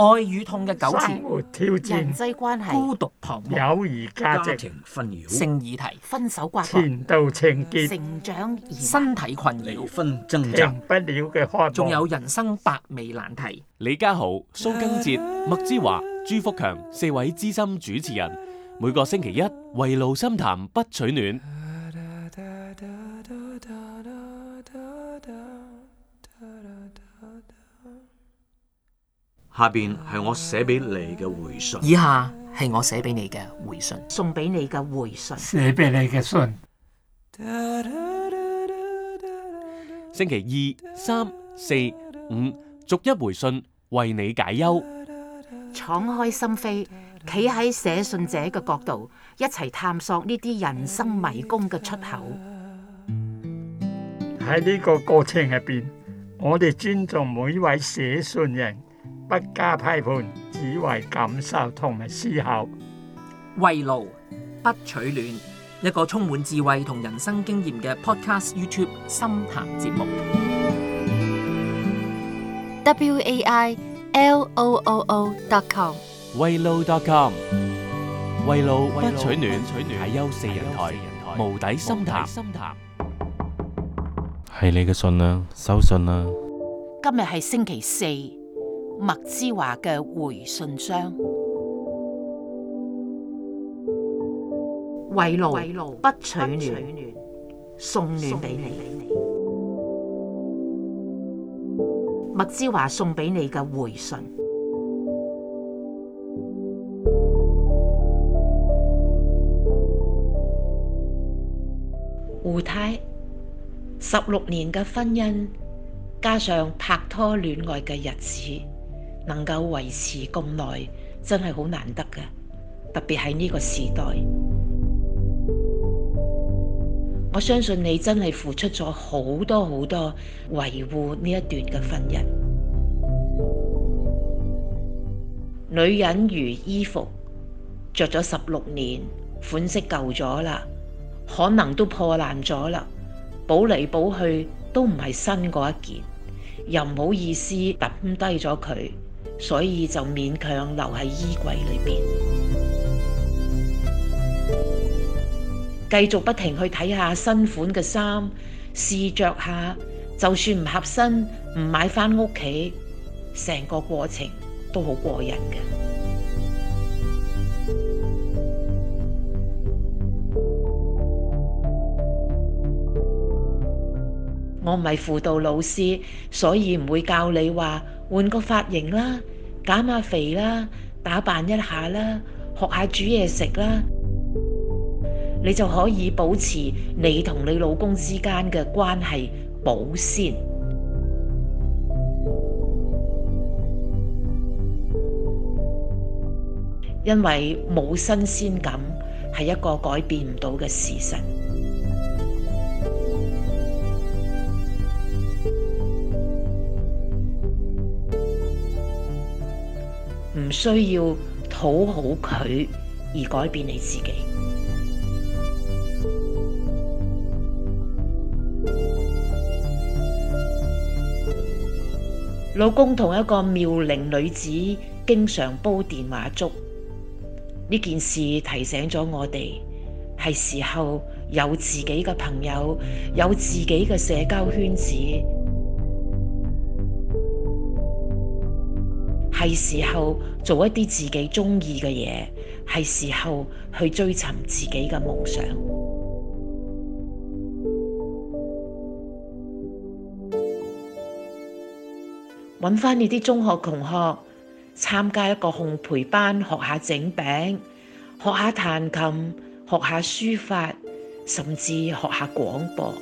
愛與痛嘅糾纏，人際關係，孤獨彷徨，友誼價值，家庭紛擾，性議題，分手刮擦，前度、情結，成長，身體困擾，婚姻，成不了嘅誇張，仲有人生百味難題。李家豪、蘇根哲、麥之華、朱福強四位資深主持人，每個星期一圍爐深談不取暖。下邊係我寫俾你嘅回信。以下係我寫俾你嘅回信，送俾你嘅回信，寫俾你嘅信。星期二、三、四、五，逐一回信，為你解憂，敞開心扉，企喺寫信者嘅角度，一齊探索呢啲人生迷宮嘅出口。喺呢個過程入邊，我哋尊重每一位寫信人。不加批判，只為感受同埋思考。為路不取暖，一個充滿智慧同人生經驗嘅 Podcast YouTube 深談節目。wai l o o o dot com 為路 dot com 為路不取暖，大優四人台無底深談，係你嘅信啊，收信啦。今日係星期四。麥之華嘅回信箱，為奴不取暖，送暖俾你。麥之華送俾你嘅回信，胡太十六年嘅婚姻，加上拍拖戀愛嘅日子。能夠維持咁耐，真係好難得㗎，特別喺呢個時代。我相信你真係付出咗好多好多維護呢一段嘅婚姻。女人如衣服，着咗十六年，款式舊咗啦，可能都破爛咗啦，補嚟補去都唔係新嗰一件，又唔好意思抌低咗佢。所以就勉強留喺衣櫃裏邊，繼續不停去睇下新款嘅衫，試着下，就算唔合身，唔買翻屋企，成個過程都好過癮嘅。我唔係輔導老師，所以唔會教你話。換個髮型啦，減下肥啦，打扮一下啦，學下煮嘢食啦，你就可以保持你同你老公之間嘅關係保鮮，因為冇新鮮感係一個改變唔到嘅事實。唔需要討好佢而改變你自己。老公同一個妙齡女子經常煲電話粥，呢件事提醒咗我哋，係時候有自己嘅朋友，有自己嘅社交圈子。係時候做一啲自己中意嘅嘢，係時候去追尋自己嘅夢想，揾翻你啲中學同學，參加一個烘焙班，學下整餅，學下彈琴，學下書法，甚至學下廣播。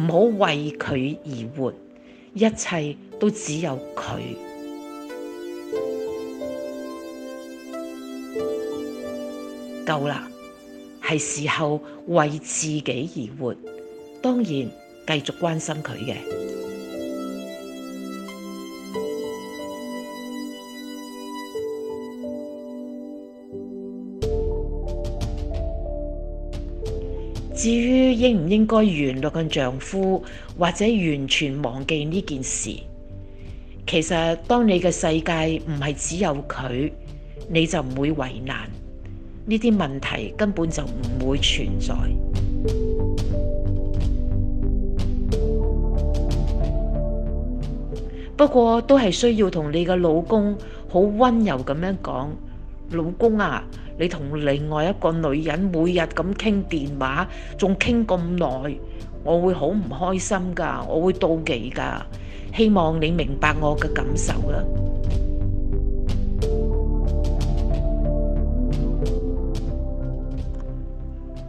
唔好為佢而活，一切都只有佢。夠啦，係時候為自己而活。當然，繼續關心佢嘅。至於應唔應該原諒丈夫，或者完全忘記呢件事，其實當你嘅世界唔係只有佢，你就唔會為難，呢啲問題根本就唔會存在。不過都係需要同你嘅老公好溫柔咁樣講，老公啊。你同另外一個女人每日咁傾電話，仲傾咁耐，我會好唔開心㗎，我會妒忌㗎，希望你明白我嘅感受啦。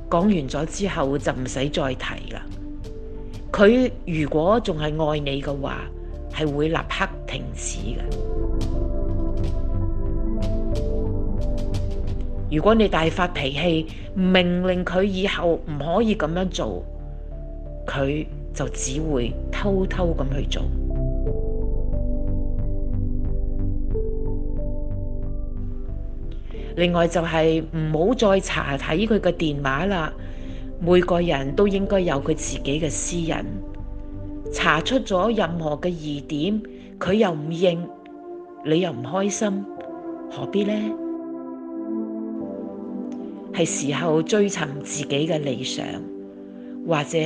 講完咗之後就唔使再提啦。佢如果仲係愛你嘅話，係會立刻停止嘅。如果你大發脾氣，命令佢以後唔可以咁樣做，佢就只會偷偷咁去做。另外就係唔好再查睇佢嘅電話啦。每個人都應該有佢自己嘅私隱。查出咗任何嘅疑點，佢又唔應，你又唔開心，何必呢？.嘅時候追尋自己嘅理想，或者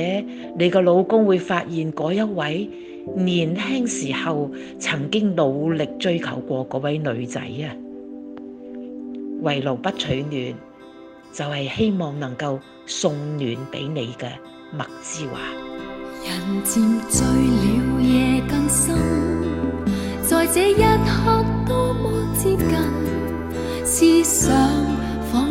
你個老公會發現嗰一位年輕時候曾經努力追求過嗰位女仔啊。為爐不取暖，就係希望能夠送暖俾你嘅麥之華。人漸醉了夜更深，在這一刻，多麼接近思想。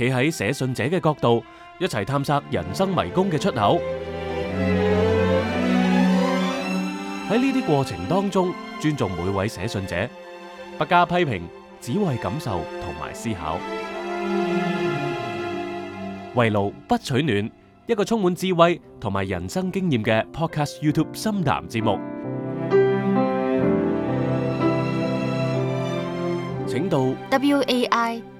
企喺寫信者嘅角度，一齊探索人生迷宮嘅出口。喺呢啲過程當中，尊重每位寫信者，不加批評，只為感受同埋思考。圍爐不取暖，一個充滿智慧同埋人生經驗嘅 Podcast YouTube 深談節目，請到 WAI。